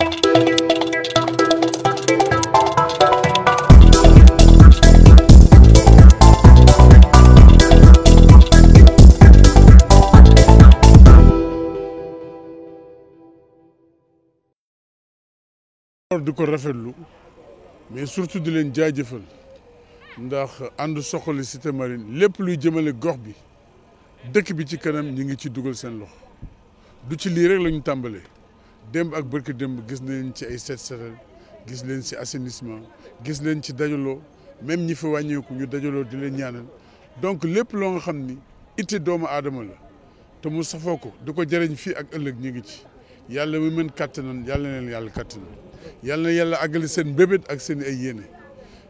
du ko rafetlu mais surtout di leen jaajëfal ndax ànd soxali cité marine lépp luy jëmale gox bi dëkk bi ci kanam ñi ngi ci dugal seen lox du ci lii rek la ñu tàmbalee démb ak bërki demb gis nañ ci ay set setal gis leen ci assainissement gis leen ci dajaloo même ñi fi wàññeeku ñu dajaloo di leen ñaanal donc lépp loo nga xam ni itte doomu aadama la te mu safoo ko di ko jëriñ fii ak ëllëg ñu ngi ci yàlla mu mën kàttanan yàlla na leen yàlla kàttanan yàlla na yàlla àggali seen mbébét ak seen ay yéene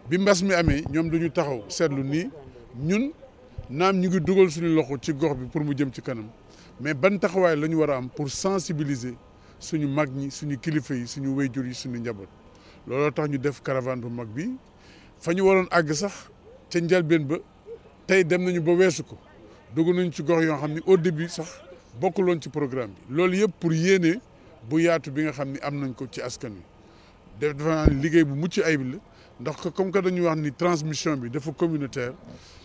bi mbas mi amee ñoom dañu taxaw seetlu nii ñun naam ñu ngi dugal suñu loxo ci gox bi pour mu jëm ci kanam mais ban taxawaay la ñu war a am pour sensibiliser suñu mag ñi suñu kilifa yi suñu wéyjur yi suñu njaboot looloo tax ñu def caravane bu mag bi fa ñu waroon àgg sax ca njëlbéen ba tey dem nañu ba weesu ko dugg nañ ci gox yoo xam ni au début sax bokkuloon ci programme bi loolu yëpp pour yéenee bu yaatu bi nga xam ni am nañ ko ci askan wi def dafa naan liggéey bu mucc ayib la ndax comme que dañuy wax ni transmission bi defu communautaire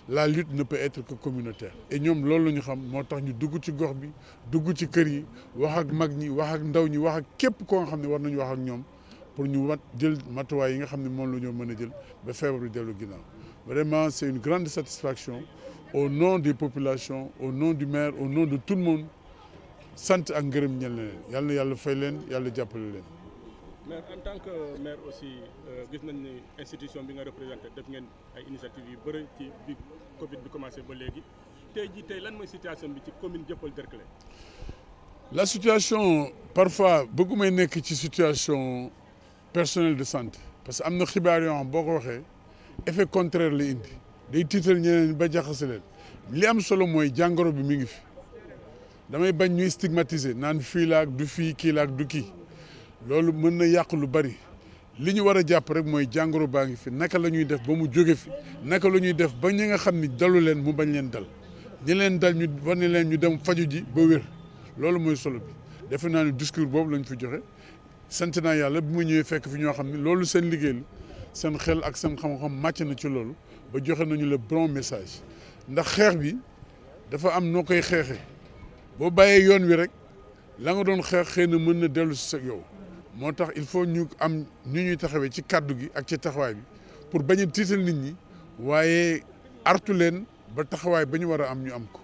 la lutte ne peut être que communautaire et ñoom loolu la ñu xam moo tax ñu dugg ci gox bi dugg ci kër yi wax ak mag ñi wax ak ndaw ñi wax ak képp koo nga xam ne war nañu wax ñoom pour ñu mat jël matuwaay yi nga xam ne moom la ñoo mën a jël ba feebar bi dellu ginnaaw vraiment c' est une grande satisfaction au nom des population au nom du maire au nom de tout le sant ak ngërëm ñel leen yàlla yàlla fay leen yàlla jàppale maire en tant que maire aussi euh, gis nañ ni institution bi nga représenté def ngeen ay initiative yu bëri ci bi bi commencé ba léegi jii tey lan mooy situation bi ci commune Dieuppeul-Derklé la situation parfois bëggumay nekk ci situation personnel de santé parce que am na xibaar yoo xam boo ko waxee effet contraire la indi day tiital ñeneen ba jaxase leen li am solo mooy jàngoro bi mi ngi fi damay bañ ñuy stigmatiser naan fii laak du fii kii laak du kii loolu mën na yàq lu bari li ñu war a jàpp rek mooy jàngoro baa ngi fi naka la ñuy def ba mu jóge fi naka la ñuy def ba ñi nga xam ni dalu leen mu bañ leen dal ñi leen dal ñu wane leen ñu dem faju ji ba wér loolu mooy solo bi defe naa ne discours boobu lañ fi joxe sant naa yàlla bu mu ñëwee fekk fi ñoo xam ne loolu seen liggéey la seen xel ak seen xam-xam màcc na ci loolu ba joxe nañu le bon message ndax xeex bi dafa am noo koy xeexee boo bàyyee yoon wi rek la nga doon xeex xëy na mën na dellu si sa yow moo tax il faut ñu am ñu ñuy taxawee ci kàddu gi ak ci taxawaay bi pour bañ a tiital nit ñi waaye artu leen ba taxawaay ba ñu war a am ñu am ko.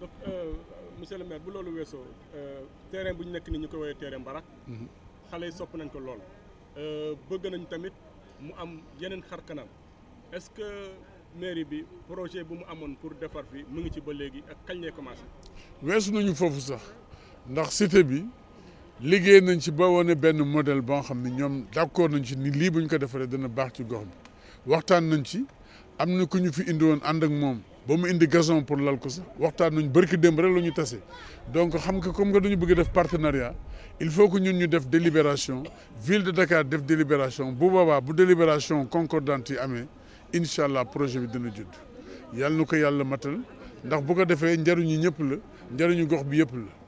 donc euh, monsieur le maire bu loolu weesoo euh, terrain bu ñu nekk nii ñu ko woowee terrain mbarak. Mhm. xale yi sopp nañ ko lool. Euh, bëgg nañ tamit mu am yeneen xar kanam est-ce que mairie bi projet bi mu amoon pour defar fi mu ngi ci ba léegi ak kañ lay commencé. weesu nañu foofu sax ndax cité bi. liggéey nañ ci ba wane benn modèle boo xam ne ñoom d'accord nañ ci ni lii buñ ko defaree dana baax ci gox bi waxtaan nañ ci am na ku ñu fi indi woon ànd ak moom ba mu indi gason pour lal ko sax waxtaan nañu bërki démb rek la ñu tase donc xam nga comme que dañu bëgg def partenariat il faut que ñun ñu def délibération ville de Dakar def délibération bu boobaa bu délibération concordante yi amee incha allah projet bi dana judd yàlla na ko yàlla matal ndax bu ko defee njariñu ñëpp la njariñu gox bi yëpp la